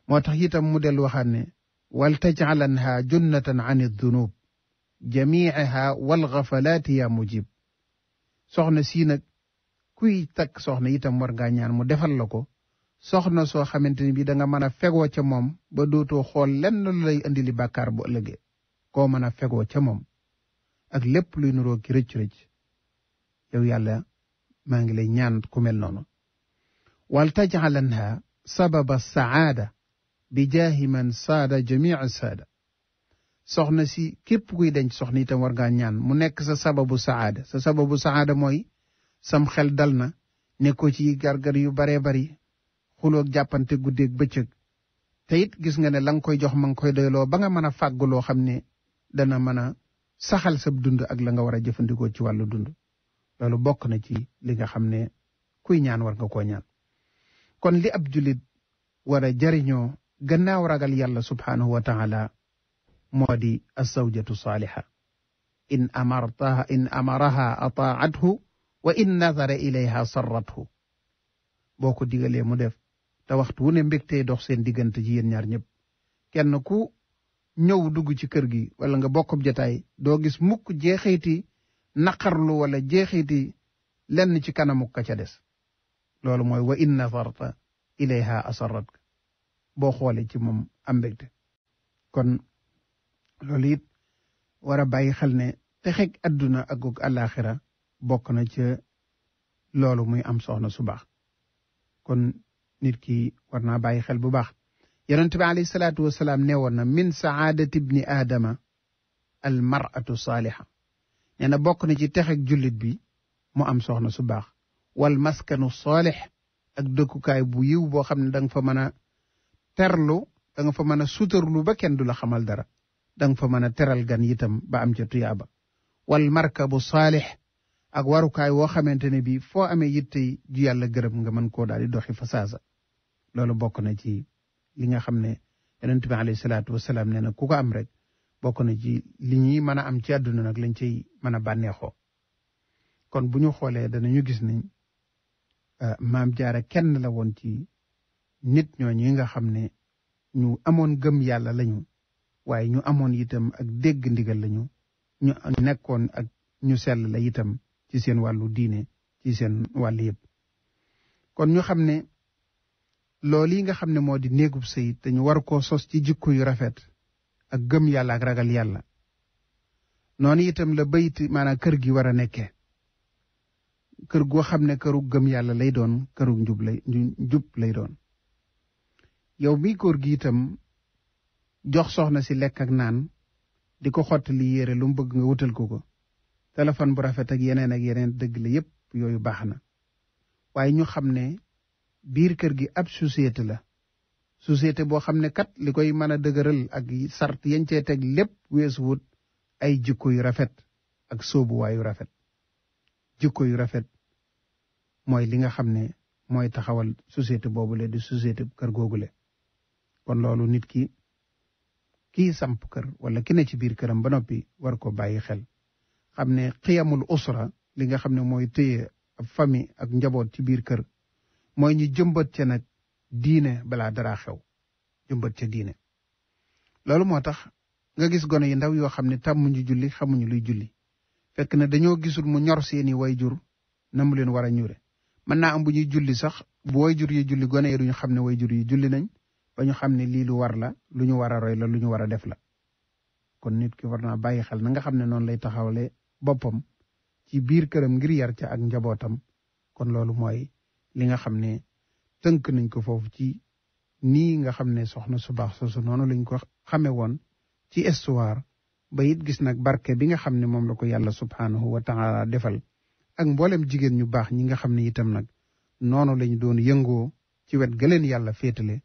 moo tax itam mu dellu waxaat ne wal tajcalanha junnatan na dunub جميعها والغفلات يا مجيب سخنا سينك كوي تك سخنا يتم ورغانيان مو دفل لكو سخنا سو خمنتني بي دنگا مانا فغو چموم بدوتو خول لن للي اندي لي باكار بو لغي كو مانا فغو چموم اك لب لوي نرو كي رج رج يو يالا مانجلي نيان كومل نونو والتجعلنها سبب السعادة بجاه من ساد جميع الساده soxna si képp kuy denc soxna itam war ngaa ñaan mu nekk sa sababu saada sa sababu saada mooy sam xel dal na nekkoo ci gargar yu baree bari xuloog jàppante guddeeg bëccëg te it gis nga ne la nga koy jox ma nga koy doyloo ba nga mën a fàggu loo xam ne dana mën a saxal sab dund ak la nga war a jëfandikoo ci wàllu dund loolu bokk na ci li nga xam ne kuy ñaan war nga koo ñaan kon li ab jullit war jariñoo gannaaw ragal yàlla subhaanahu wa moo di assawjatu saaliha in amartaha in amaraha ataathu wa in nazara ilayha sarrathu boo ko digalee mu def te waxtu wu ne mbégtee dox seen diggante ci yéen ñaar ñëpp kenn ku ñëw dugg ci kër gi wala nga bokkub jataay doo gis mukk jeexiti naqarlu wala jeexiti lenn ci kanamu ka ca des loolu mooy wa in nazarta ilayha asarratka boo xoolee ci moom am mbégte loolu it war a bàyyi xel ne texeg àdduna ak goog àllaaxira bokk na ca loolu muy am soxna su baax kon nit ki war naa bàyyi xel bu baax yonent bi alayhi salaatu wasalaam nee woon na min saadati ibni aadama al mar'atu saaliha nee na bokk na ci texeg jullit bi mu am soxna su baax wal maskanu saalix ak dëkkukaay bu yiw boo xam ne danga fa mën a terlu danga fa mën a sutarlu ba kenn du la xamal dara danga fa mën a teral gan yitam ba am ca tuyaaba wal markabu saalix ak warukaay woo xamante ne bii foo amee tey ju yàlla gërëb nga mën koo daal di doxi fa saasa loolu bokk na ci li nga xam ne yonent bi alayhi salaatu wasalaam nee na ku am rek bokk na ci li ñuy mën a am ci àdduna nag lañ cay mën a bànneexoo kon bu ñu xoolee danañu gis nañ euh, maam jaara kenn la woon ci nit ñooñu nga xam ne ñu amoon gëm yàlla lañu waaye ñu amoon itam ak dégg ndigal lañu ñu nekkoon ak ñu sell la itam ci seen wàllu diine ci seen wàll yëpp kon ñu xam ne lool yi nga xam ne moo di néegub sëy dañu war koo sos ci jikko yu rafet ak gëm yàlla ak ragal yàlla noonu itam la bayti maanaam kër gi war a nekkee kër goo xam ne këru gëm yàlla lay doon këru njub lay doon yow mi góor gi itam jox soxna si lekk ak naan di ko xottali yére lu mu bëgg nga wutal ko ko téléphone bu rafet ak yeneen ak yeneen dëgg la yépp yooyu baax na waaye ñu xam ne biir kër gi ab société la société boo xam ne kat li koy mën a dëgëral ak sart yañ cee teg lépp weesu wut ay jikko yu rafet ak sóobuwaayu rafet jikko yu rafet mooy li nga xam ne mooy taxawal boobu boobule di société kër googule kon loolu nit ki kii samp kër wala ki ne ci biir këram ba noppi war ko bàyyi xel xam ne xiyamul usra li nga xam ne mooy téye ab famille ak njaboot ci biir kër mooy ñu jëmbat ca nag diine balaa dara xew jëmbët ca diine loolu moo tax nga gis gone yu ndaw yoo xam ne tàmmuñu julli xamuñu luy julli fekk na dañoo gisul mu ñor seeni wayjur na mu leen war a ñure mën naa am bu ñuy julli sax bu jur yi julli gone yi ñu xam ne jur yi julli nañ ba ñu xam ne lii lu war la lu ñu war a roy la lu ñu war a def la kon nit ki war naa bàyyi xel na nga xam ne noonu lay taxawale boppam ci biir këram ngir yar ca ak njabootam kon loolu mooy li nga xam ne tënk nañ ko foofu ci nii nga xam ne soxna su baax soosu noonu lañ ko xame woon ci histoire ba it gis nag barke bi nga xam ne moom la ko yàlla subhaanahu wa taala defal ak mboolem jigéen ñu baax ñi nga xam ne nag noonu lañ doon yëngoo ci wet gëleen yàlla féetale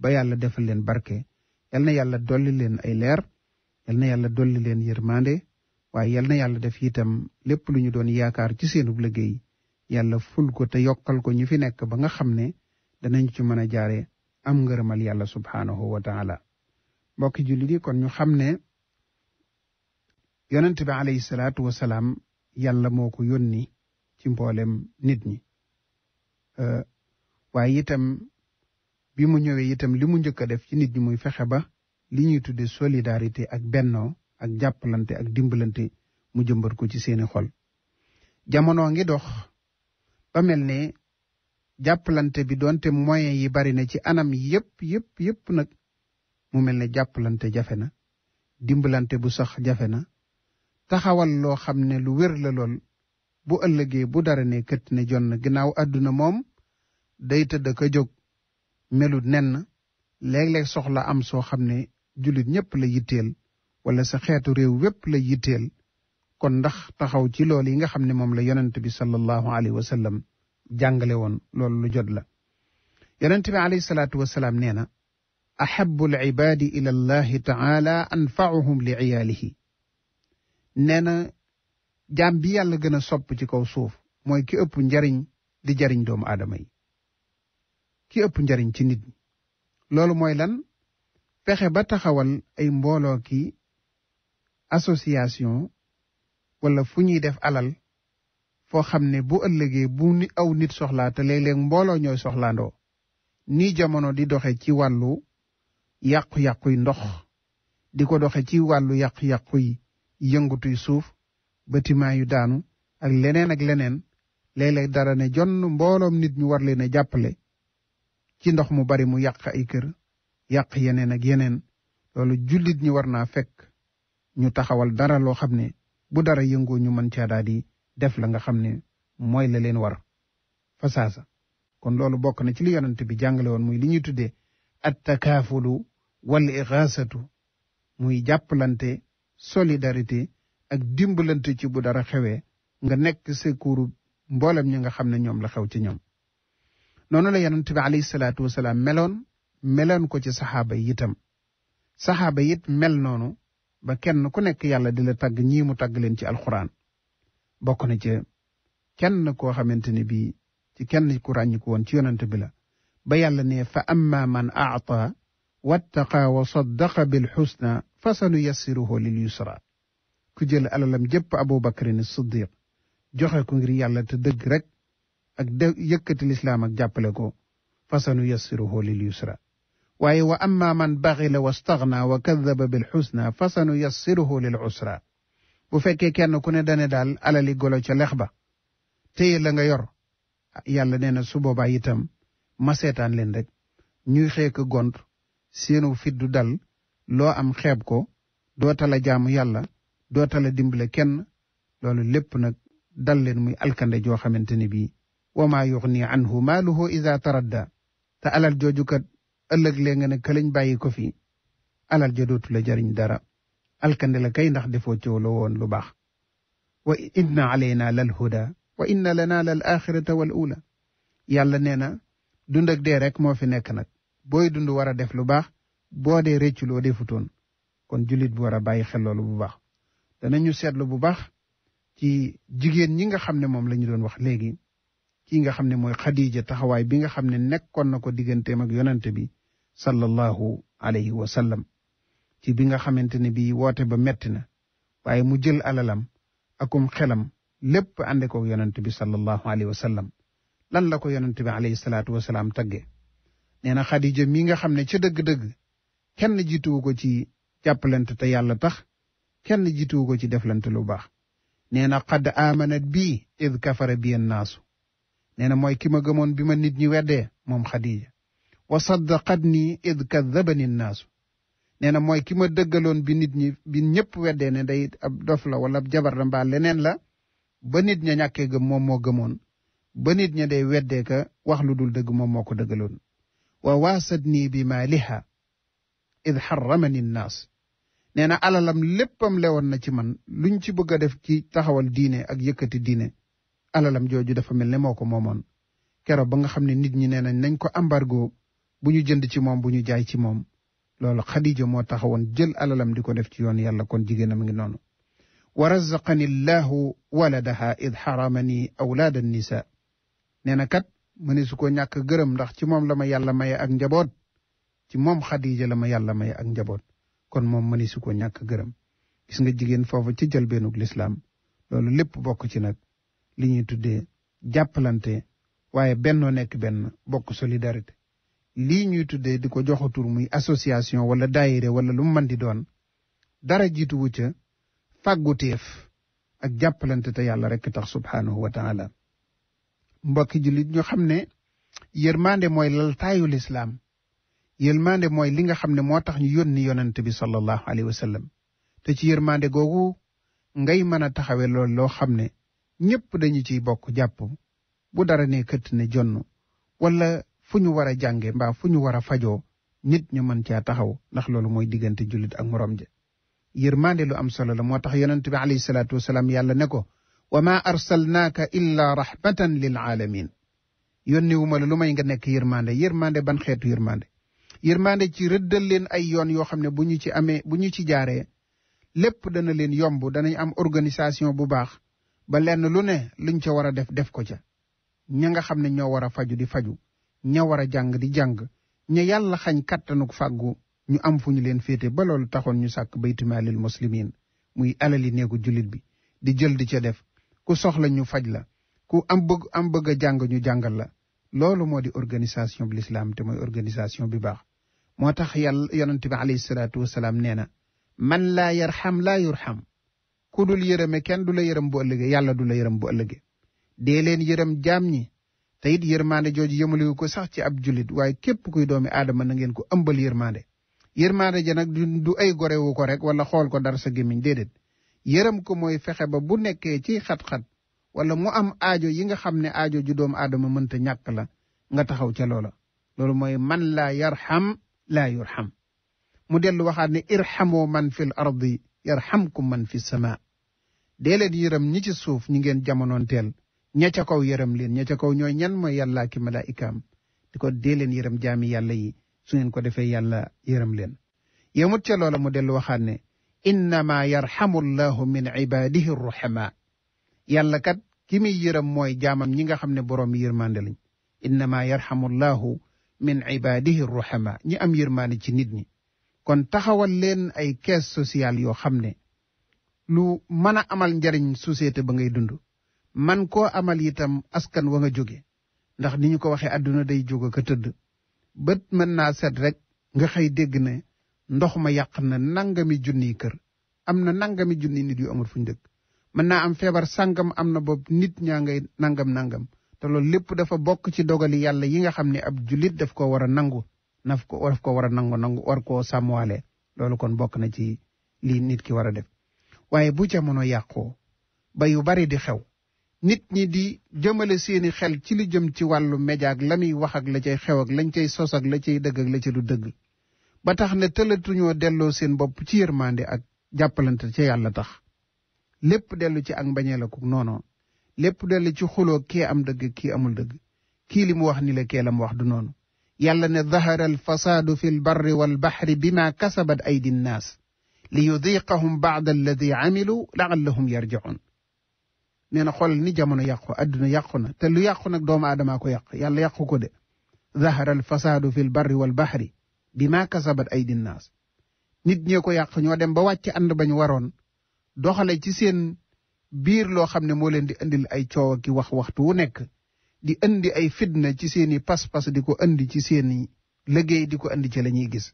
ba yàlla defal leen barke yal na yàlla dolli leen ay leer yal na yàlla dolli leen yërmande waaye yal na yàlla def itam lépp lu ñu doon yaakaar ci seenub liggéey yàlla ful ko te yokkal ko ñu fi nekk ba nga xam ne danañ ci mën a jaare am ngërëmal yàlla subhaanahu wa taala mbokki jullit yi kon ñu xam ne yonent bi alayhi wasalaam yàlla moo ko yónni ci mboolem nit ñi waaye itam bi mu ñëwee itam li mu njëkk a def ci nit ñi muy fexe ba li ñuy tudde solidarité ak bennoo ak jàppalante ak dimbalante mu jëmbat ko ci seeni xol jamono ngi dox ba mel ne jàppalante bi doonte moyen yi bari na ci anam yépp yépp yépp nag mu mel ne jàppalante jafe na dimbalante bu sax jafe na taxawal loo xam ne lu wér la lool bu ëllëgee bu dara ne këtt ne jonn ginnaaw àdduna moom day tëdd ka jóg melut nenn léeg-léeg soxla am soo xam ne jullit ñépp la yitteel wala sa xeetu réew wépp la yitteel kon ndax taxaw ci lool yi nga xam ne moom la yonent bi sallallahu alayhi wa sallam jàngale woon loolu lu jot la yonent bi alayhi salaatu wasalaam nee na ahabu al ibaadi ila allahi taala anfaauhum li iyaalihi nee na jaam bi yàlla gën a sopp ci kaw suuf mooy ki ëpp njariñ di jariñ doomu aadama yi ki ëpp njariñ ci nit loolu mooy lan fexe ba taxawal ay mbooloo ki association wala fu ñuy def alal foo xam ne bu ëllëgee bu ni aw nit soxlaa te léeg-léeg mbooloo ñooy soxlaandoo ni jamono di doxe ci wàllu yàqu-yàquy ndox di ko doxe ci wàllu yàqu-yàquy yëngutuy suuf bâtiment yu daanu ak leneen ak leneen léeg-léeg dara ne jonn mbooloom nit ñu war ne a jàppale ci ndox mu bari mu yàq ay kër yàq yeneen ak yeneen loolu jullit ñi war naa fekk ñu taxawal dara loo xam ne bu dara yëngoo ñu mën caa daal def la nga xam ne mooy la leen war fa saasa kon loolu bokk na ci li yonent bi jàngale woon muy li ñuy tuddee attakaafulu wal ixaasatu muy jàppalante solidarité ak dimbalante ci bu dara xewee nga nekk secours mboolem ñi nga xam ne ñoom la xew ci ñoom noonu la yonent bi alayhi salaatu wasalaam meloon meloon ko ci saxaaba yi itam saxaaba yi it mel noonu ba kenn ku nekk yàlla di la tàgg ñii mu tàgg leen ci alxuraan bokk na ci kenn koo xamante ne bii ci kenn ku ràññiku woon ci yonent bi la ba yàlla ne fa amma man aata wattaqa wa saddaqa bil xusna fa sanu yassiruhu lil yusra ku jël alalam jëpp abubakarin siddiq joxe ko ngir yàlla te dëgg rek ak de yëkkati lislaam ak jàppale ko fasanu yassiruhu lil yusra waaye wa amma man baxila wastaxna wa kadaba bil xusna fasanu yassiruhu lil usra bu fekkee kenn ku ne dane daal alali golo ca lex ba téye la nga yor yàlla nee na su boobaa itam ma seetaan leen rek ñuy xeek gont seenu fiddu dal loo am xeeb ko dootala jaamu yàlla dootala dimbale kenn loolu lépp nag dal leen muy alkande joo xamante ne bii وما يغني عنه ماله إذا تردى تألا الجوجو كد ألق لينغن كلين باي كوفي ألا الجدو تلجرين دارا الكند لكي نخدفو تولوون لباخ وإن علينا للهدى وإن لنا للآخرة والأولى يالا نينا دوندك ديرك مو في نكنك بوي دوندو ورا دف لباخ بو دي ريتشلو دي فتون كون جوليت بورا باي خلو لباخ دانا نيو سيد لباخ تي جيجين نيغا خامن موم لنجدون وخ لغي kii nga xam ne mooy Khadija taxawaay bi nga xam ne nekkoon na ko digganteem ak yonante bi sallallahu alayhi wa sallam ci bi nga xamante ne bi woote ba metti na waaye mu jël alalam akum xelam lépp ànde ko yonante bi sallallahu alayhi wa sallam lan la ko yonante bi alayhi salaatu wa tagge nee na Khadija mi nga xam ne ca dëgg-dëgg kenn jiituwu ko ci jàppalante te yàlla tax kenn jiituwu ko ci deflante lu baax nee na qad aamanat bii id kafara nee mooy ki ma gëmoon bi ma nit ñi weddee moom xadija wa saddaqat nii id kadabani naasu nee na mooy ki ma dëggaloon bi nit ñi bi ñëpp weddee ne day ab dof la wala ab jabar la mbaa leneen la ba nit ña ñàkkee gëm moom moo gëmoon ba nit ña day weddee ka wax lu dul dëgg moom moo ko dëggaloon wa waasat nii bi maaliha id xaramani naas nee na alalam léppam lewoon na ci man luñ ci bëgg a def ci taxawal diine ak yëkkati diine alalam jooju dafa mel ne moo ko moomoon keroog ba nga xam ne nit ñi nee nañ nañ ko embargo bu ñu jënd ci moom bu ñu jaay ci moom loolu xadija moo taxawoon jël alalam di ko def ci yoon yàlla kon jigéenam ngi noonu wa razaqani llahu waladaha id xaramani awlaada nisa nee na kat mu su ko ñàkk gërëm ndax ci moom la ma yàlla maye ak njaboot ci moom xadija la ma yàlla maye ak njaboot kon moom mu su ko ñàkk gërëm gis nga jigéen foofu ci jëlbeenug lislaam loolu lépp bokk ci nag li ñuy tuddee jàppalante waaye bennoo nekk benn bokk solidarité lii ñuy tuddee di ko joxa muy association wala daayire wala lu mu mën di doon dara jiituwu ca fàgguteef ak jàppalante te yàlla rekk tax subhaanahu wa taala mbokki li ñu xam ne yërmande mooy laltaayu lislaam yërmande mooy li nga xam ne moo tax ñu yónni yonent bi sallallahu alayhi wa sallam te ci yërmande googu ngay mën a taxawe lool loo xam ne ñépp dañu ciy bokk jàpp bu dara ne këtt ne jonn wala fu ñu war a jànge mbaa fu ñu war a fajoo nit ñu mën caa taxaw ndax loolu mooy diggante jullit a moroom ja yërmande lu am solo la moo tax yonent bi alayhi salaatu wasalaam yàlla ne ko wa maa arsalnaaka illaa rahmatan lil aalamin yónni wu ma la lu may nga nekk yërmande yërmande ban xeetu yërmande yërmande ci rëddal leen ay yoon yoo xam ne bu ñu ci amee bu ñu ci jaaree lépp dana leen yomb danañ am organisation bu baax ba lenn lu ne luñ ca war a def def ko ca ña nga xam ne ñoo war a faju di faju ña war a jàng di jàng ña yàlla xañ kàttanuk fàggu ñu am fu ñu leen féete ba loolu taxoon ñu sàkk baytumaalil muslimin muy alali néegu jullit bi di jël di ca def ku soxla ñu faj la ku am bëgg am bëgg a jàng ñu jàngal la loolu moo di organisation bi lislaam te mooy organisation bi baax moo tax yàlla yonente bi alayhi salaatu wasalaam nee na man laa yar xam laa xam kudul yërëme kenn du la yërëm bu ëllëgé yàlla du la yërëm bu ëllëgé dee leen yërëm jaam ñi te it yërmaande jooju yëmaliwu ko sax ci ab julit waaye képp kuy doomi aadama na ngeen ko ëmbal yërmaande yërmaande ja nag du ay gorewu ko rek wala xool ko dar sa gémmiñ déedéet yërëm ko mooy fexe ba bu nekkee ci xat-xat wala mu am aajo yi nga xam ne aajo ju doomu aadama mënta ñàkk la nga taxaw ca loola loolu mooy man laa yarxam laa yurxam mu dellu waxaat ne irxamoo man fil ardi yarhamkum man fi sama dee leen yërëm ñi ci suuf ñi ngeen jamonoonteel ña ca kaw yërëm leen ña ca kaw ñooy ñan mooy yàllaa ki malaayikaam di ko dee leen yërëm jaami yàlla yi su ngeen ko defee yàlla yërëm leen yemut ca loola mu dellu waxaat ne innama yarhamu llahu min ibadihi ruhama yàlla kat kii muy yërëm mooy jaamam ñi nga xam ne boroom yërmande lañ innama yarhamu llahu min ibadihi ruhama ñi am yërmaande ci nit ñi kon taxawal leen ay kees sociale yoo xam ne lu mën a amal njariñ société ba ngay dund man koo amal itam askan wa nga jóge ndax ni ñu ko waxee àdduna day jóg ko tëdd bët mën naa set rek nga xëy dégg ne ndox ma yàq na nangami junniy kër am na nangami junniy nit yu amul fu ñu dëkk mën naa am feebar sàngam am na boobu nit ñaa ngay nangam nangam te loolu lépp dafa bokk ci dogali yàlla yi nga xam ne ab jullit daf ko war a nangu naf ko daf ko war a nangu nangu war koo sàmmwaale loolu kon bokk na ci lii nit ki war a def waaye bu jamono yàqoo ba yu bari di xew nit ñi di jëmale seeni xel ci li jëm ci wàllu média la muy wax ak la ca xew ak lañ cay sos ak la cay dëgg ak la ca du dëgg ba tax ne tëlatuñoo delloo seen bopp ci yërmande ak jàppalante ca yàlla tax lépp dellu ci ak mbañeel ak noonu lépp dellu ci xuloo kii am dëgg kii amul dëgg kii li mu wax nii la kee la mu wax du noonu يلا ظهر الفساد في البر والبحر بما كسبت أيدي الناس ليذيقهم بعض الذي عملوا لعلهم يرجعون نينا خول ني جامونو ادنا ياخونا تلو ياخو نك دوما ادما كو ياخ يالا ياخو ظهر الفساد في البر والبحر بما كسبت ايدي الناس نيت كو ياخ ньо ديم با اند باني وارون دوخالي سي سين بير لو خامني مولين دي انديل اي تيو كي وقتو نيك di andi ay fitna ci seeni pass pass diko andi ci seeni liggey diko andi ci lañuy gis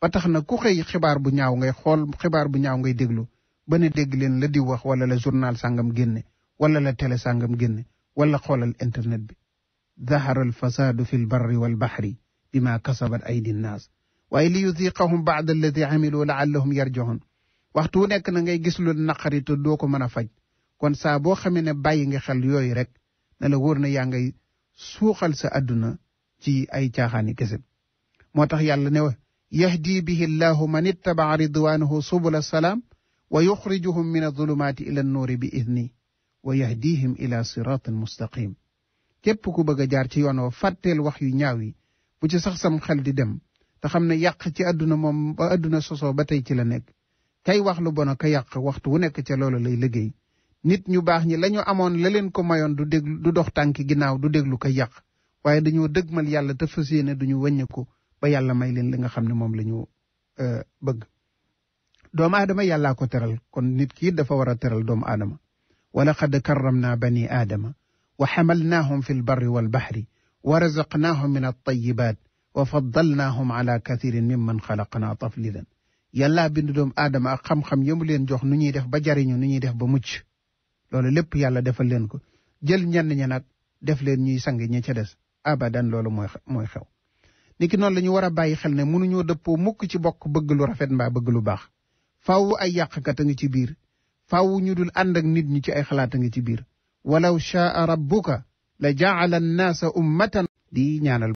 ba taxna ku xëy xibar bu ñaaw ngay xol xibar bu ñaaw ngay déglu ba ne deg leen la di wax wala la journal sàngam génne wala la télé sàngam génne wala xolal internet bi ظهر الفساد في البر والبحر بما كسبت أيدي الناس waaye li yuziqahum baad alladi amilu laallahum yarjihun waxtu wu nekk na ngay gis lu naqari te doo ko mën a faj kon saa boo xamee na la wóor na yaa ngay suuxal sa àdduna ci ay caaxaani kese moo tax yàlla ne wa yahdi bihi ma man ittabaa ridwanahu subula salaam wa yuxrijuhum min adulumaati ila nnuuri bi idni wa yahdihim ila siraatin mustaqim képp ku bëgg a jaar ci yoon wa fàtteel wax yu ñaaw yi bu ci sax sam xel di dem te xam ne yàq ci àdduna moom ba àdduna sosoo ba tey ci la nekk kay wax lu bon ka yàq waxtu wu nekk ca loolu lay liggéey nit ñu baax ñi lañu amoon la leen ko mayoon du déglu du dox tànki ginnaaw du déglu ko yàq waaye dañoo dëgmal yàlla te fas yéene duñu wëññeku ba yàlla may leen li nga xam ne moom la ñu bëgg doomu aadama yàlla ko teral kon nit ki dafa war a teral doomu aadama wala xad karram naa bani aadama wa xamalnaahum fi lbarri walbaxri wa razaqnaahum min altayibaat wa faddalnaahum ala kathirin mimman xalaqnaa taflidan yàllaa bind doomu aadama ak xam-xam yëmu leen jox nu ñuy def ba jariñu nu ñuy def ba mucc loolu lépp yàlla defal leen ko jël ñenn ñi nag def leen ñuy sang ñi ca des abadan loolu mooy mooy xew niki noonu la ñu war a bàyyi xel ne mënuñoo dëppoo mukk ci bokk bëgg lu rafet mbaa bëgg lu baax faaw ay yàqkat a ngi ci biir faaw ñu dul ànd ak nit ñi ci ay xalaat a ngi ci biir walaw shaa rabbuka la jaala annaasa ummatan di ñaanal